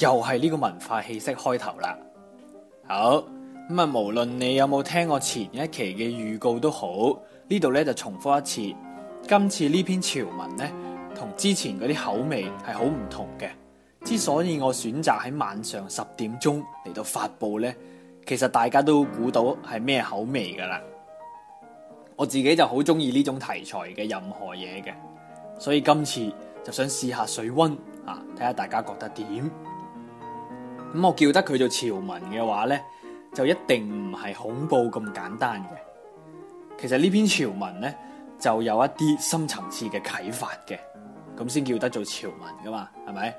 又係呢個文化氣息開頭啦。好咁啊，無論你有冇聽我前一期嘅預告都好，呢度咧就重複一次。今次呢篇潮文呢，同之前嗰啲口味係好唔同嘅。之所以我選擇喺晚上十點鐘嚟到發布呢，其實大家都估到係咩口味噶啦。我自己就好中意呢種題材嘅任何嘢嘅，所以今次就想試下水温啊，睇下大家覺得點。咁我叫得佢做潮文嘅話呢，就一定唔係恐怖咁簡單嘅。其實呢篇潮文呢，就有一啲深層次嘅啟發嘅，咁先叫得做潮文噶嘛，係咪？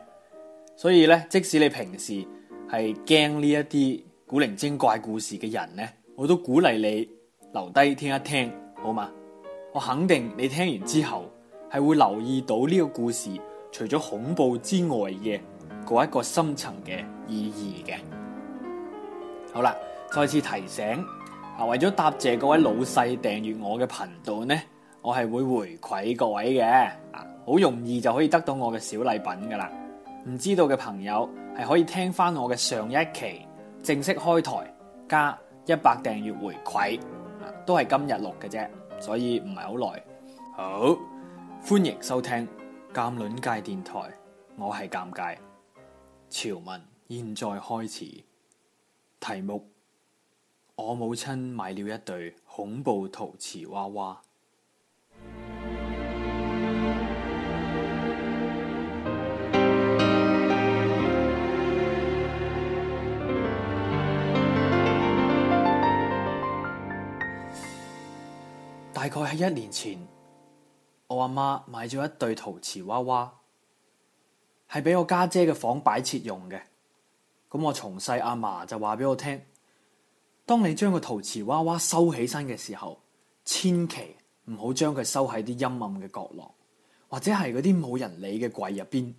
所以呢，即使你平時係驚呢一啲古靈精怪故事嘅人呢，我都鼓勵你留低聽一聽，好嘛？我肯定你聽完之後係會留意到呢個故事除咗恐怖之外嘅。嗰一個深層嘅意義嘅，好啦，再次提醒，啊，為咗答謝各位老細訂閱我嘅頻道呢，我係會回饋各位嘅，啊，好容易就可以得到我嘅小禮品噶啦，唔知道嘅朋友係可以聽翻我嘅上一期正式開台加一百訂閱回饋，都係今日錄嘅啫，所以唔係好耐。好，歡迎收聽鑑論界電台，我係鑑界。潮文，現在開始。題目：我母親買了一對恐怖陶瓷娃娃。大概喺一年前，我阿媽買咗一對陶瓷娃娃。係俾我家姐嘅房擺設用嘅，咁我從細阿嫲就話俾我聽：「當你將個陶瓷娃娃收起身嘅時候，千祈唔好將佢收喺啲陰暗嘅角落，或者係嗰啲冇人理嘅櫃入邊。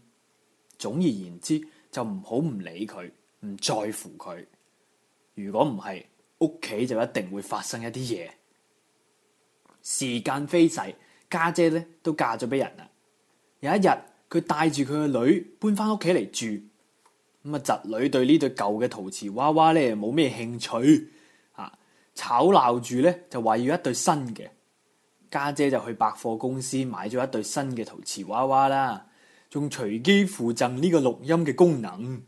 總而言之，就唔好唔理佢，唔在乎佢。如果唔係，屋企就一定會發生一啲嘢。時間飛逝，家姐咧都嫁咗俾人啦。有一日，佢帶住佢個女搬翻屋企嚟住，咁啊侄女對呢對舊嘅陶瓷娃娃咧冇咩興趣啊，吵鬧住咧就話要一對新嘅。家姐就去百貨公司買咗一對新嘅陶瓷娃娃啦，仲隨機附贈呢個錄音嘅功能。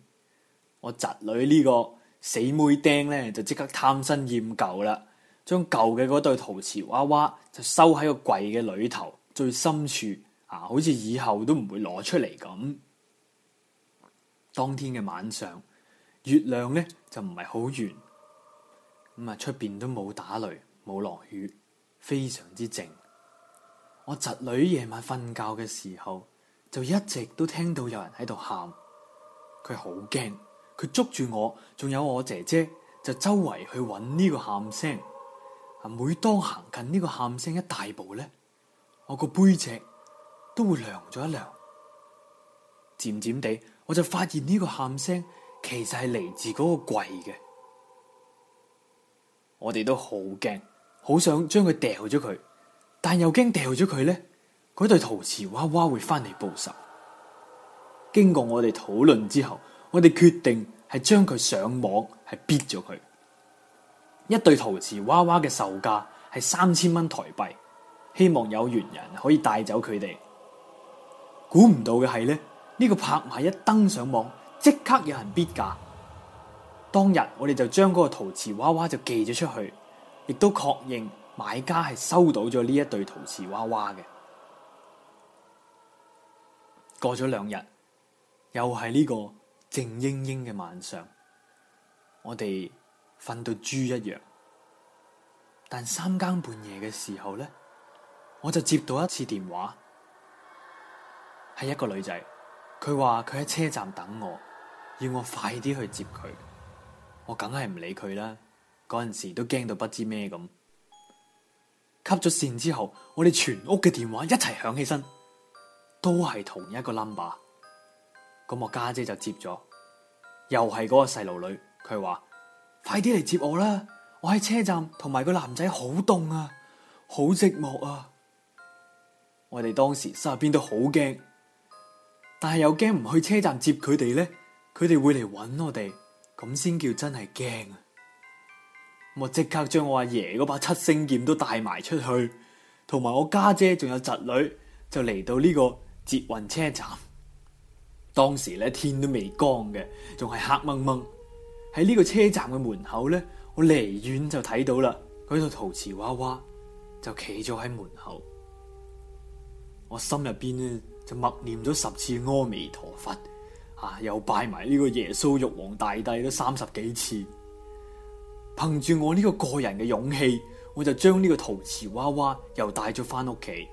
我侄女呢個死妹釘咧就即刻貪新厭舊啦，將舊嘅嗰對陶瓷娃娃就收喺個櫃嘅裏頭最深處。好似以後都唔會攞出嚟咁。當天嘅晚上，月亮咧就唔係好圓，咁啊出面都冇打雷，冇落雨，非常之靜。我侄女夜晚瞓覺嘅時候，就一直都聽到有人喺度喊，佢好驚，佢捉住我，仲有我姐姐，就周圍去揾呢個喊聲。啊！每當行近呢個喊聲一大步咧，我個背脊都會涼咗一涼。漸漸，漸漸地我就發現呢個喊聲其實係嚟自嗰個櫃嘅。我哋都好驚，好想將佢掉咗佢，但又驚掉咗佢呢，嗰對陶瓷娃娃會翻嚟報仇。經過我哋討論之後，我哋決定係將佢上網，係逼咗佢。一對陶瓷娃娃嘅售價係三千蚊台幣，希望有緣人可以帶走佢哋。估唔到嘅係呢，呢個拍賣一登上網，即刻有人逼價。當日我哋就將嗰個陶瓷娃娃就寄咗出去，亦都確認買家係收到咗呢一對陶瓷娃娃嘅。過咗兩日，又係呢個靜英英嘅晚上，我哋瞓到豬一樣。但三更半夜嘅時候呢，我就接到一次電話。係一個女仔，佢話佢喺車站等我，要我快啲去接佢。我梗係唔理佢啦。嗰陣時都驚到不知咩咁。吸咗線之後，我哋全屋嘅電話一齊響起身，都係同一個 number。咁我家姐，姐就接咗，又係嗰個細路女。佢話：快啲嚟接我啦！我喺車站同埋個男仔好凍啊，好寂寞啊！我哋當時心入邊都好驚。但係又驚唔去車站接佢哋呢？佢哋會嚟揾我哋，咁先叫真係驚啊！我即刻將我阿爺嗰把七星劍都帶埋出去，同埋我家姐仲有侄女就嚟到呢個捷運車站。當時呢，天都未光嘅，仲係黑蒙蒙。喺呢個車站嘅門口呢，我離遠就睇到啦，嗰度陶瓷娃娃就企咗喺門口。我心入邊咧。就默念咗十次阿彌陀佛，啊，又拜埋呢個耶穌玉皇大帝都三十幾次，憑住我呢個個人嘅勇氣，我就將呢個陶瓷娃娃又帶咗翻屋企。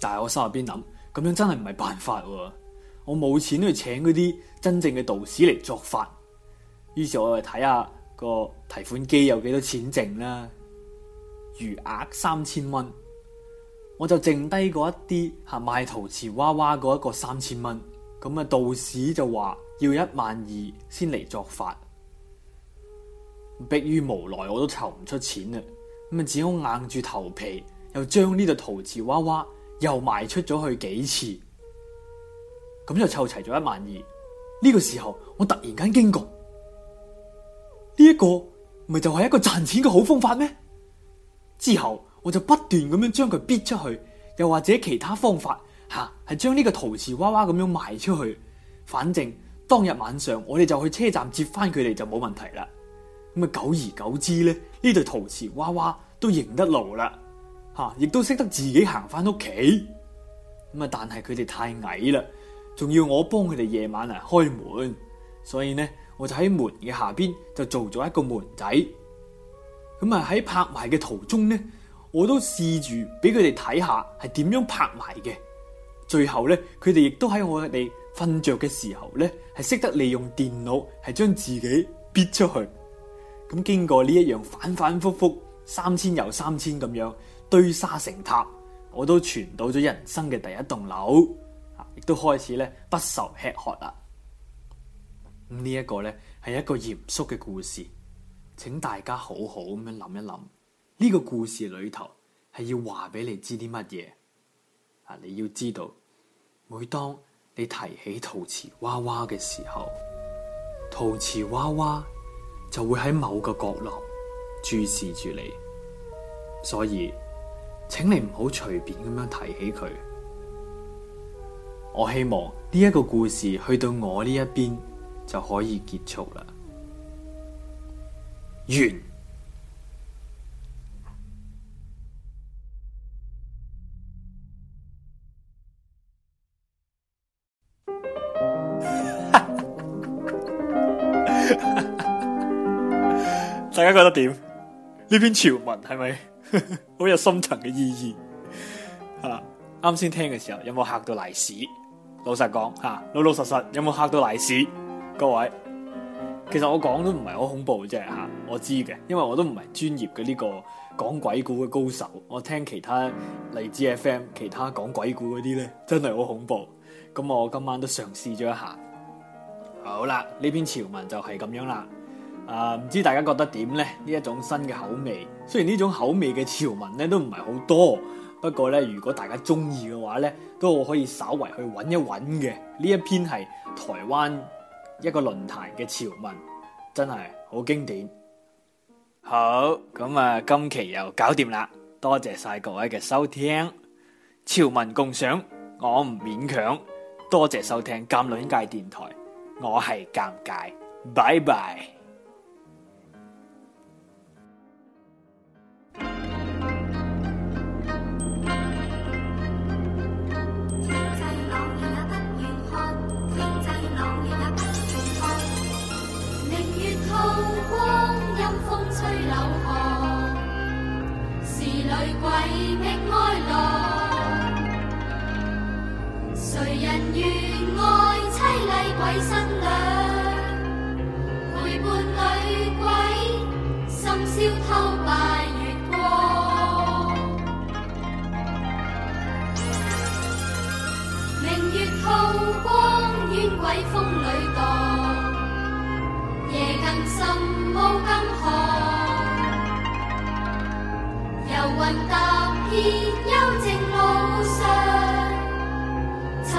但係我心入邊諗，咁樣真係唔係辦法，啊，我冇錢去請嗰啲真正嘅道士嚟作法。於是我去睇下個提款機有幾多錢剩啦，餘額三千蚊。我就剩低嗰一啲吓賣陶瓷娃娃嗰一個三千蚊，咁啊道士就話要一萬二先嚟作法迫於無奈我都湊唔出錢啦，咁啊只好硬住頭皮，又將呢個陶瓷娃娃又賣出咗去幾次，咁就湊齊咗一萬二。呢個時候我突然間驚覺，呢一個咪就係一個賺錢嘅好方法咩？之後。我就不斷咁樣將佢逼出去，又或者其他方法吓，係將呢個陶瓷娃娃咁樣賣出去。反正當日晚上我哋就去車站接翻佢哋就冇問題啦。咁、嗯、啊，久而久之咧，呢對陶瓷娃娃都認得路啦，吓、啊，亦都識得自己行翻屋企。咁、嗯、啊，但係佢哋太矮啦，仲要我幫佢哋夜晚啊開門，所以呢，我就喺門嘅下邊就做咗一個門仔。咁啊，喺拍賣嘅途中呢？我都試住俾佢哋睇下係點樣拍埋嘅。最後呢，佢哋亦都喺我哋瞓着嘅時候呢，係識得利用電腦係將自己逼出去。咁經過呢一樣反反復復三千又三千咁樣堆沙成塔，我都傳到咗人生嘅第一棟樓，亦都開始呢，不愁吃喝啦。咁呢一個呢，係一個嚴肅嘅故事，請大家好好咁樣諗一諗。呢個故事裏頭係要話俾你知啲乜嘢啊？你要知道，每當你提起陶瓷娃娃嘅時候，陶瓷娃娃就會喺某個角落注視住你。所以，請你唔好隨便咁樣提起佢。我希望呢一個故事去到我呢一邊就可以結束啦。完。 大家覺得點？呢篇潮文係咪好有深層嘅意義？吓，啱先聽嘅時候有冇嚇到瀨屎？老實講吓，老老實實有冇嚇到瀨屎？各位，其實我講都唔係好恐怖啫吓，我知嘅，因為我都唔係專業嘅呢個講鬼故嘅高手，我聽其他荔枝 FM 其他講鬼故嗰啲咧真係好恐怖，咁我今晚都嘗試咗一下。好啦，呢篇潮文就係咁樣啦。啊、呃，唔知大家覺得點呢？呢一種新嘅口味，雖然呢種口味嘅潮文咧都唔係好多，不過咧如果大家中意嘅話咧，都可以稍為去揾一揾嘅。呢一篇係台灣一個論壇嘅潮文，真係好經典。好，咁、嗯、啊，今期又搞掂啦，多謝晒各位嘅收聽，潮文共享，我唔勉強，多謝收聽鑒論界電台。我係尷尬，拜拜。